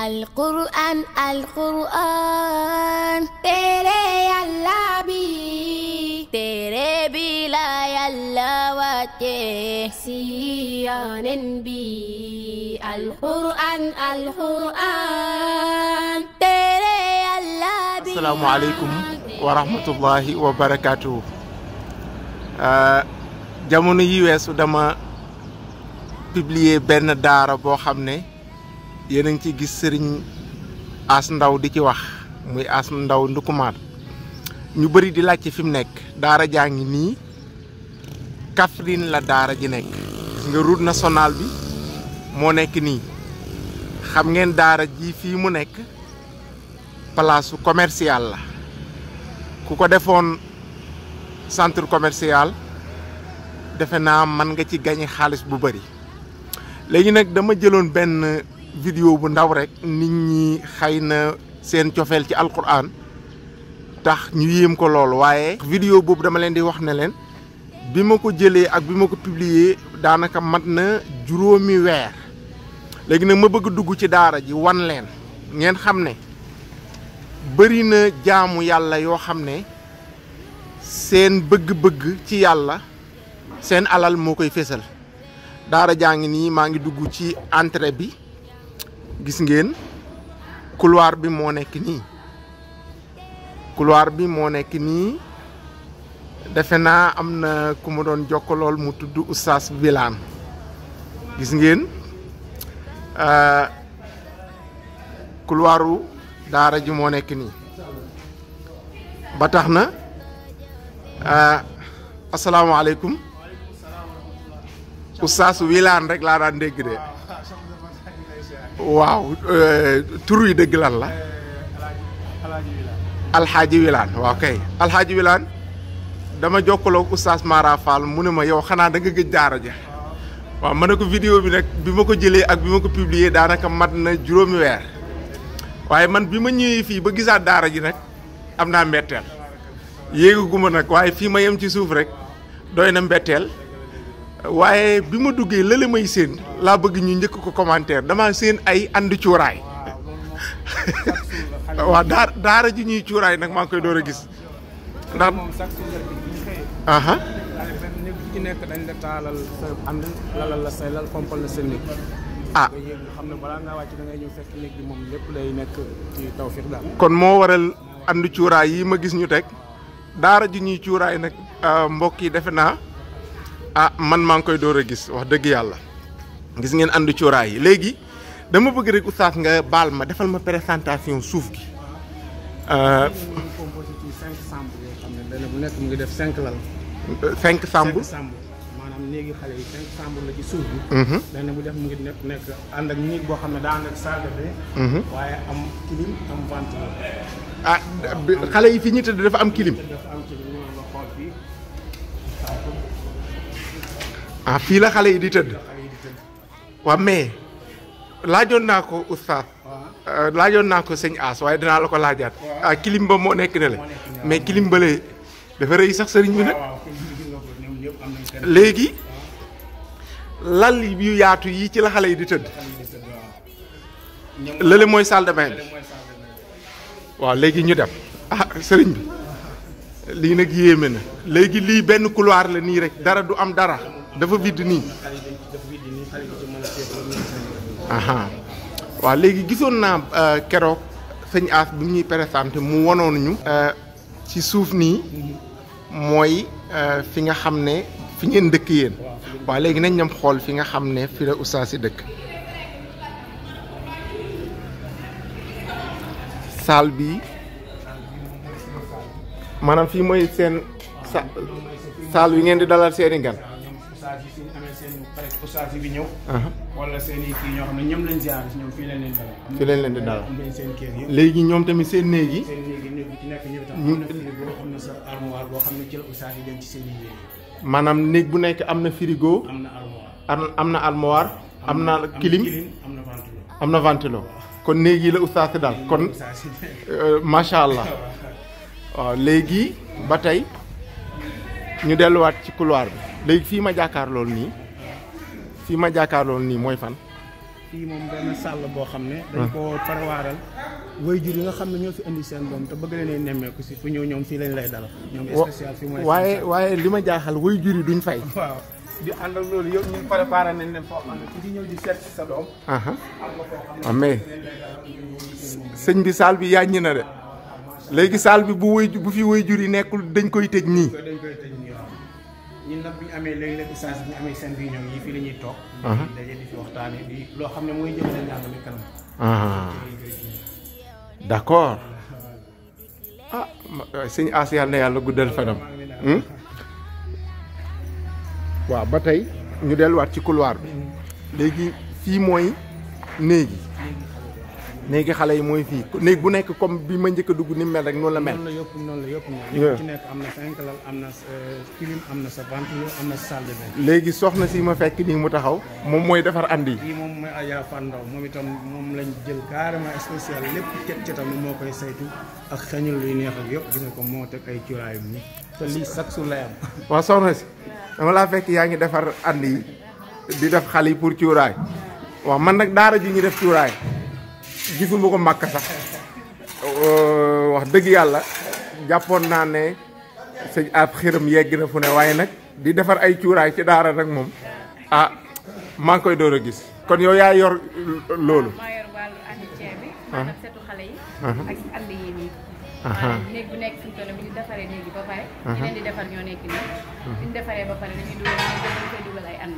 alquran alquran téere yàlla bi téere bi la yàlla wàcce si yonent bi alquran alquran téere yàlla bi asalaamaaleykum wa rahmatullahi wa barakaatuhu uh, jamono yi weesu dama publier benn daara boo xam ne yéen a ngi ciy gis sëriñ as ndaw di ci wax muy as ndaw ndukumaan ñu bëri di laajte fi mu nekk daara jaa ngi nii Kaffrine la daara ji nekk gis nga route nationale bi moo nekk nii xam ngeen daara ji fii mu nekk place commercial la ku ko defoon centre commercial defe naa man nga ci gañe xaalis bu bëri léegi nag dama jëloon benn vidéo bu ndaw rek nit ñi xëy na seen cofeel ci alquran tax ñu yéem ko lool waaye. vidéo boobu dama leen di wax ne leen bi ma ko jëlee ak bi ma ko publier daanaka mat na juróomi weer léegi nag ma bëgg dugg ci daara ji wan leen ngeen xam ne bëri na jaamu yàlla yoo xam ne seen bëgg-bëgg ci yàlla seen alal moo koy fésal daara jaa ngi nii maa ngi dugg ci entrée bi. gis ngeen couloir bi moo nekk nii couloir bi moo nekk nii defe naa am na ku ma doon jokkalool mu tudd Oustaz wilaan gis ngeen euh, couloiru daara ji moo nekk nii ba tax na euh, asalaamaaleykum Oustaz Wilane rek laa daan dégg de. waaw euh, tur yi dëgg la. alxaaji Wilane waaw kay alxaaji Wilane dama jokkaloo ak oustaz mu ne ma yow xanaa da nga gëj daara ja waaw ma ne ko vidéo bi nag bi ma ko jëlee ak bi ma ko publier daanaka mat na juróomi weer waaye man bi ma ñëwee fii ba gisaat daara ji nag am naa mbetteel yéegaguma nag waaye fii ma yem ci suuf rek doy na mbetteel. waaye bi ma duggee lële séen laa bëgg ñu njëkk ko commentaire dama séen ay ànd cuuraay waaw daara daara ji ñuy cuuraay nag maa ngi koy door a gis ndax aha ci nekk dañ la taalal sa la say lal fompal la ah. xam ne balaa ngaa ñëw fekk moom lépp day nekk kon moo waral ànd cuuraay yi ma gis ñu teg daara ji ñuy cuuraay nag euh, mbokk yi defe naa ah man maa ngi koy door a gis wax dëgg yàlla ngis ngeen ànd cuuraay yi léegi dama bëgg rek oustaz nga baal ma defal ma présentation suuf gi. composé euh, ci cinq chambre yoo xam ne benn bu nekk mu ngi def cinq lal. cinq chambre maanaam néegi xale yi cinq chambre la ci suuf bi. Mhm. bu def mu ngi nekk nekk ànd ak néeg boo xam ne daa ànd mhm. waaye am clim ah, xale yi fi ñu tëdd dafa dafa am clim. ah fii la xale yi di tëdd. waaw mais laajoon naa ko oustaz. laajoon naa ko sëñ As waaye dinaa la ko laajaat. ah kilim ba moo nekk ne la. mais kilim bële dafa rëy sax sëriñ bi nag. léegi lal yu yaatu yi ci la xale yi di tëdd. lële mooy salle de bi. waaw léegi ñu dem ah sëriñ bi lii nag yéeme na léegi lii benn couloir la nii rek dara du am dara. dafa vide nii. waa léegi gisoon naa euh, keroog sëñ As bi ñuy présenté mu wanoon ñu. Euh, ci suuf nii mooy euh, fi nga xam ne fi ngeen dëkk yéen. waaw léegi nañ ñam xool fi nga xam ne fi la Oustaz si dëkk. saal bi maanaam fii mooy seen sa saal wi ngeen di dalal seeni gan. ustaas amee seen pare ustaas yi ñëw. wala seen i kii xam ne ñoom lañ ziar ñoom fii leen dalal. fii lañ leen di dalal am seen kër yëpp. léegi ñoom tamit seen néeg yi. néeg nekk ñëw tam. am boo xam ne sa armoire boo xam i néeg maanaam néeg bu nekk am na firigo am na armoire am na armoire. am na kilim am na ventilo am na ventilo kon néeg yi la ustaas daal kon euh, macha allah waaw léegi ba tey ñu delluwaat ci couloir bi léegi fii ma jàkkaar loolu nii fii ma jàkkaar loolu nii mooy fan fii moom sàll boo xam ne dañ ah. ko farawaaral waajur yi nga xam ne ñoo fi indi seen doom te bëgg leen nemmeeku si fu ñëw ñoom fii lañ lay dalal ñoom spécial fii mooy waaye waaye li ma jaaxal waajur yi duñ fay waaw di ànd loolu yow ñun nañ leen foo xam seet si sa doom ah, sëñ bi saal bi yàññi na de léegi saal bi bu waajur bu fi waajur yi nekkul dañ koy tëj nii ñun nag bu ñu amee léeg-léeg saa si amee seen réunion yi fii la ñuy toog. daje di fi waxtaanee di loo xam ne mooy accord ah, euh, sëñ As yàlla na guddal fanam. Hmm? waaw ba tey ñu delluwaat ci couloir bi. léegi fii mooy néegi néegi xale yi mooy fii néeg bu nekk comme bi ma njëkk dugg ni mel rek noonu la mel. noonu la yëpp noonu la na cinq lal am na euh, clim am na sa ventilo am na salle léegi soxna si ma fekk nii mu taxaw moom mooy defar andi. kii moom mooy Adja Fandaw moom itam moom lañ jël carrément spécial lépp cet cetam moo koy saytu ak xañul luy neex ak yëpp gis nga ko moo teg ay cuuraayam ni te lii sax su lay am. waaw soxna si dama laa fekk yaa ngi defar andi yi di def xale yi pour cuuraay waaw man nag daara ji ñu def cuuraay. gisuma ko màkk sax euh, wax dëgg yàlla jàppoon naa ne sëñ ab xiram yegg na fu ne waaye nag di defar ay cuuraay ci daara nag moom ah maa ngi koy door a gis kon yow yaa yor loolu. maa yor wàllu ah. ànd ah. yi nii. Ah. nekk fi nekk nii. bu ñu ay ànd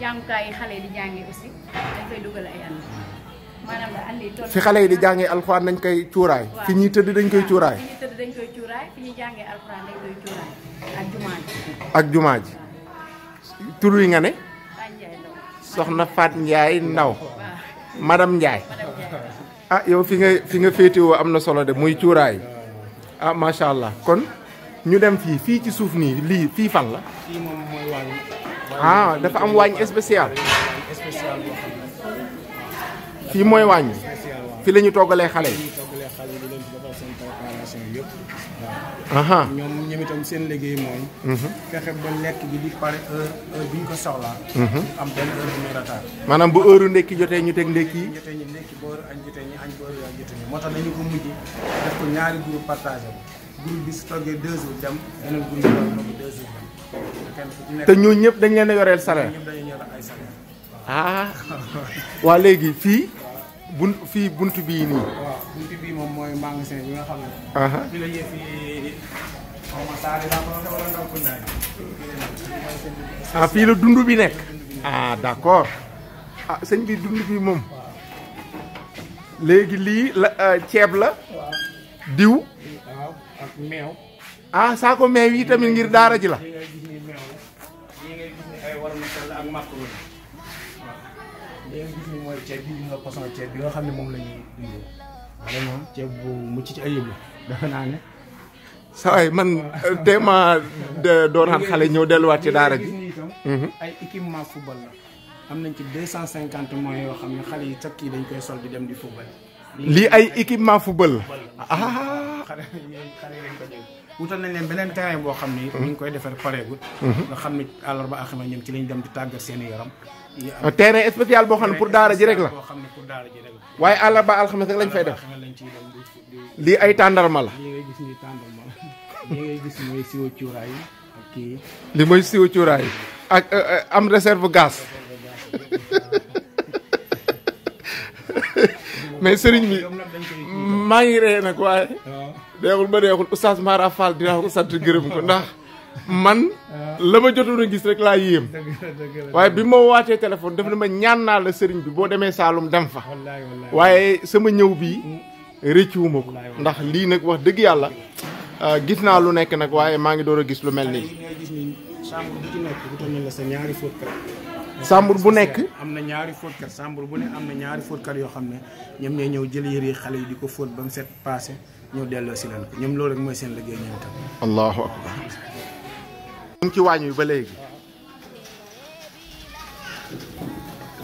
jàngukaay xale yi di jàngee aussi dañ koy dugal ay ànd. fi xale yi di jàngee alxuraan dañ koy cuuraay. fi ñuy tëdd dañ koy cuuraay. ak jumaa ji. tur wi nga ne. soxna Faat njaay Ndaw madame njaay ah yow fi nga fi nga féetewoo am na solo de muy cuuraay ah macha allah kon ñu dem fii fii ci suuf nii lii fii fan la. ah dafa am waañ spécial. fii mooy wàññi fi la ñu toggalee xale yi. aha ñoom ñoom itam seen liggéey mooy. Mhm. fexe ba lekk bi di pare heure heure bi ñu mhm. am benn heure maanaam bu heure ndekki jotee ñu teg ndekki. jotee ñu ndekki ba heure añ jotee ñu añ ba heure jotee ñu moo tax dañu ko mujj def ko ñaari bi su toggee deux jours dem beneen groupe bi toog deux jours ñëpp dañ leen a yoreel salaire. ñëpp dañu yoreel ay salaire. Ah. waa léegi fii. bunt fii bunt bii nii. waaw moom mooy magasin bi nga xam ne. fii la yëf yi ah, dund bi nekk. ah d' accord ah sëñ bi dund bi moom. léegi lii la euh, ceeb la. diw. waaw ak meew. Ah, saako meew yi tamit ngir daara ji la. ceeb bi nga façon ceeb bi nga xam ne moom la ñuy dundee vraiment ceeb mucc ci ayib la defe naa ne. sa waay man téema doonaan xale ñëw delluwaat ci daara ji. ay équipement football la am nañ ci deux cent cinquante moyens yoo xam ne xale yi cakk yi dañ koy sol di dem di football. lii ay équipement football la. ah xale wutal nañ leen beneen terrain boo xam ni. Mhm. ñu ngi koy defar pareegul. Mhm. nga xam ni àllarba axima ñoom ci lañ dem di tàggat seen yaram. terrain spécial boo xam ne pour daara ji rek la waaye àllarba alxames rek lañ fay def lii ay tàndarma la. lii ngay gis nii tàndarma la lii ngay gis mooy siwo cuuraay ak kii. li mooy siwo cuuraay ak am réserve gaz mais sëriñ bi maa ngi ree nag waaye. Ah. neexul ba neexul oustaz Mara Fall dinaa ko sant gërëm ko ndax man la ma jotoon a gis rek laa yéem waaye bi ma waatee téléphone daf ne ma ñaan naa la sëriñ bi boo demee Saalum dem fa waaye sama ñëw bii rëccuwuma ko ndax lii nag wax dëgg yàlla ah, gis naa lu nekk nag waaye maa ngi doon a gis lu mel nii sàmbur bu nekk am na ñaari fóotkat sàmbur bu ne am na ñaari fóotkat yoo xam ne ñoom ñooy ñëw jël yëre xale yi di ko fóot ba mu set paase ñëw delloo si leen ko ñoom loolu rek mooy seen liggéey ñoom tam. allahu akbar. ñu ngi ci waañ wi ba léegi.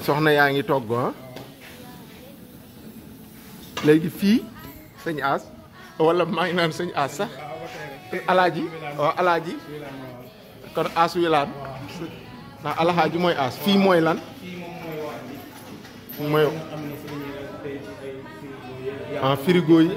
soxna yaa ngi togg ah. léegi fii sëñ As wala maa ngi naan sëñ As sax eh, alaaji waaw alaaji kon As wi laan ndax alaaji mooy As fii mooy lan mooy ah yi.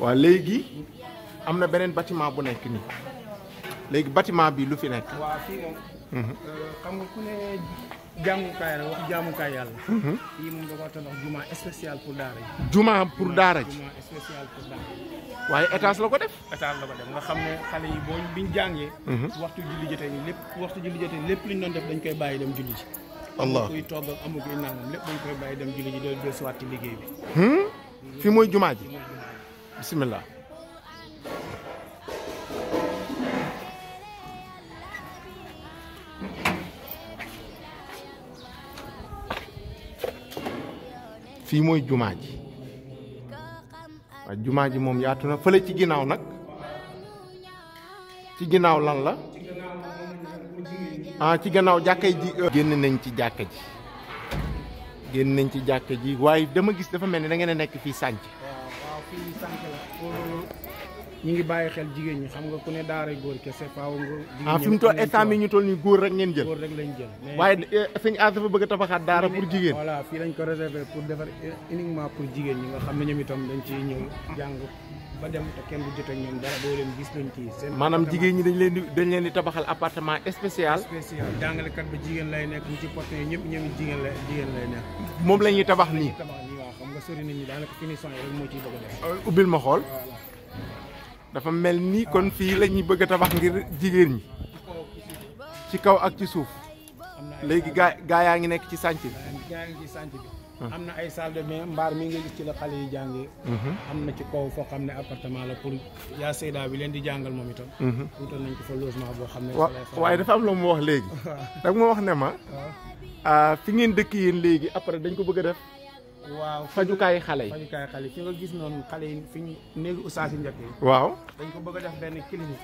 waaw léegi am na beneen bâtiment bu nekk nii léegi bâtiment bii lu fi nekk. waaw fii mhm. euh, xam nga ku ne jàngukaay rek wax jaamukaay yàlla. Mhm. fii moom da pour daara ji. juma pour daara ji spécial pour daara ji. waaye étage la ko def. étage la ko def nga xam ne xale yi boo biñ jàngee. Mhm. waxtu julli jotee nii lépp waxtu julli jotee lépp luñ doon def dañ koy bàyyi dem julli ji. allah amu koy togg amu dem ji doon dellusiwaat ci liggéey bi. Hmm? fi mooy juma ji. bisimila fii mooy jumaa ji waaye jumaa ji moom yaatu na fële ci ginnaaw nag ci ginnaaw lan la ah ci ginnaaw jàkka ji génn nañ ci jàkka ji génn nañ ci jàkka ji waaye dama gis dafa mel ni da ngeen a nekk fii sànc ñu ngi bàyyi xel jigéen ñi xam nga ku ne daara góor kese faaw nga. jigéen ah fi ñu toll nii góor rek ngeen jël. góor rek jël. waaye eh, sëñ As dafa bëgg a tabaxaat daara pour jigéen. voilà fii lañ ko réservé pour defar uniquement pour jigéen ñi nga xam ne ñoom itam dañ ciy ñëw jàng ba dem te kenn du jot ak dara boo leen gis nañ ci seen. maanaam jigéen ñi dañ leen di dañ leen di tabaxal appartement spécial. spécial jàngalekat ba jigéen lay nekk ñu ci porté ñëpp ñoom jigéen lay jigéen lay nekk. moom la ñuy tabax nii. xam nga sori nañ ñi daanaka finition moo ciy bëgg a xool dafa mel ni kon fii lañuy ñuy bëgg a tabax ngir jigéen ñi ci kaw ak ci suuf léegi gaa gaa yaa ngi nekk ci sànc bi gaa ngi bi am na ay salle de mbaar mi nga gis ci la xale yi jàngee mhm. am na ci kaw foo xam ne appartement la pour yaa Seyda bi leen di jàngal moom itam mhm. wutal nañ boo xam ne waaye dafa am la mu wax léegi da nga wax ne ma ah, fi ngeen dëkk yéen léegi après dañ ko bëgg a def waaw fajukaay xale yi fajukaay xale yi fi nga gis noonu xale yi fi ñu néegi ustaas yi njëkk yi waaw dañ ko bëgg a def benn clinique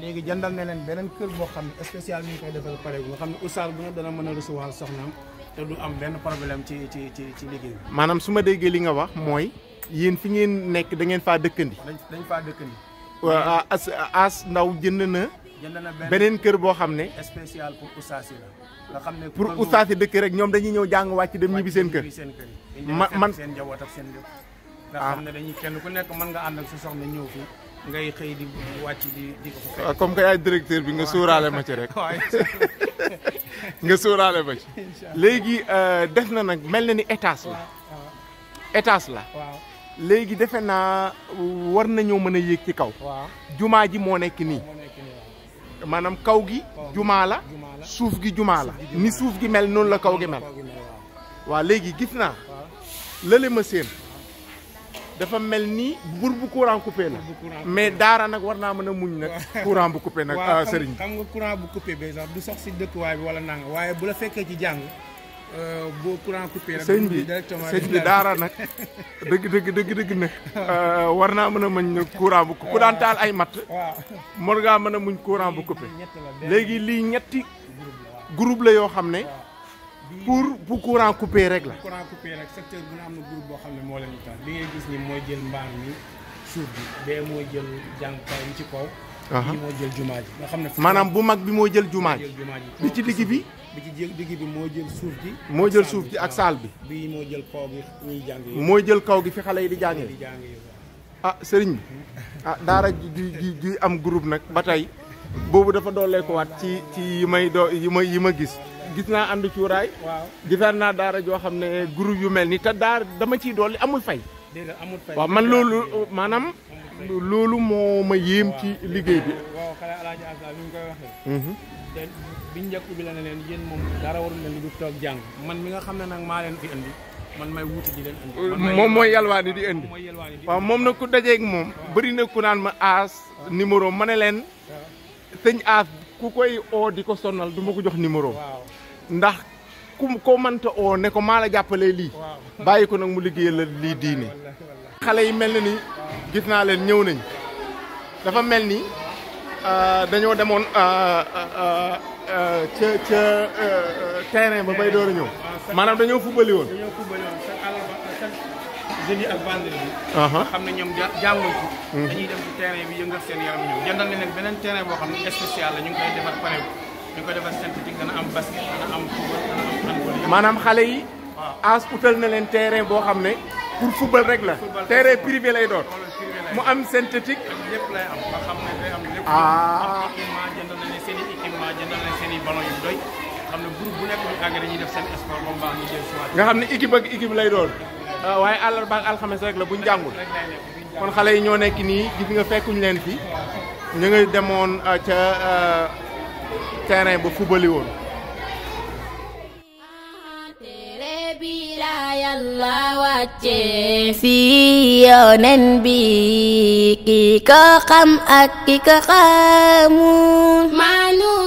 léegi jëndal na leen beneen kër boo xam ne spécial mi ngi koy defal pare bu nga xam ne ustaas bu ne dana mën a recevoir soxnaam te du am benn problème ci ci ci ci liggéey bi maanaam su ma déggee li nga wax mooy yéen fi ngeen nekk da ngeen faa dëkkandi dañ faa dëkkandi as as ndaw jënd na jënd na beneen kër boo xam ne. spécial pour ustaas la. nga xam ne pour ustaas yi dëkk rek ñoom dañuy ñëw jàng wàcc dem ñibbi seen kër. man man seen njaboot ak seen lépp. nga ah. xam ne dañuy kenn ku nekk mën nga ànd ak sa soxna ñëw fi ngay xëy di wàcc di di ko fekk. Ah, comme que yaay directeur bi nga sóoraale ma ci rek. nga sóoraale ma ci. léegi euh, def na nag mel na ni étage la. étage la. léegi defe naa war nañoo mën a yéeg ci kaw. jumaa ji moo nekk nii. maanaam kaw gi jumaa la suuf gi jumaa la ni suuf gi mel noonu la kaw gi mel waa léegi gis naa lële ma seen dafa mel ni bur bu courant coupé la mais daara nag war naa mën a muñ nag courant bu coupé nag ah, sëriñ xam nga courant bu coupé bi sax du sax si dëkkuwaay bi wala nanga waaye bu la fekkee ci jàng Euh, boo courant coupé rek. sëñ bi sëñ bi daara nag dëgg dëgg dëgg dëgg nag euh, war naa mën a mañ nag courant bu coupé ku daan taal ay matt. waaw mën ngaa mën a muñ courant bu coupé. léegi lii ñetti groupe la yoo xam ne. pour bu courant coupé rek la. courant coupé rek secteur bi am na groupe boo xam ne moo leen taal gis ni mooy jël mbaar mi suuf bi bee mooy jël jànkuwaay yi ci kaw. bii moo jël jumaa ji nga xam ne. maanaam bu mag bi moo jël jumaa ji. bi ci digg bi. bi ci digg bi moo jël suuf gi. moo jël suuf gi ak saal bi. Ah, bii moo jël kaw gi ñuy jàng moo jël kaw gi fi xale yi di jàngee. ah sëriñ bi ah daara ji ji ji am group nag ba tey boobu dafa doolee ko ci ci yi may doo yi ma yi ma gis. gis naa ànd cuuraay. waaw gis naa daara joo xam ne groupe yu mel ni te daar dama ciy dolli amul fay. waaw man loolu maanaam. loolu moo ma yéem ci liggéey bi. biñ njëkk ubbi la ne leen yéen moom dara warul leen lu toog jàng man mi nga xam ne nag maa leen fi indi man di leen indi. moom mooy yalwaani di moom bëri na ku naan ma aas numéro ma ne leen sëñ aas ku koy oo di ko sonal du ma ko jox numéro ndax ku ko mënta oo ne ko maa la jàppalee lii bàyyi ko nag mu liggéeyal la lii diine xale yi mel na ni gis naa leen ñëw nañ dafa mel ni euh, ca ca terrain ba bay door ñëw. maanaam dañoo fubali woon. dañoo fubali woon chaque àllarba chaque ne ñoom jànguñ ko. dañuy dem ci terrain bi yëngal seen yaram ñëw jëndal leen beneen terrain boo xam ne spécial la ñu ngi koy defar pare ñu koy defar synthétique xale yi. waaw as na leen terrain boo xam ne. pour football rek la. terrain privé lay doon. mu am synthétique. lépp lay am vraiment jëndal nañ seen i ballon yu doy bu nekk bu tàgg dañuy nga xam ne équipe ak équipe lay doon ah, waaye àllarba ak alxames rek la buñ jàngul kon xale yi ñoo nekk nii gis nga fekkuñu leen fi ñu ngi demoon ah, ca ah, terrain ba fubali woon bi ki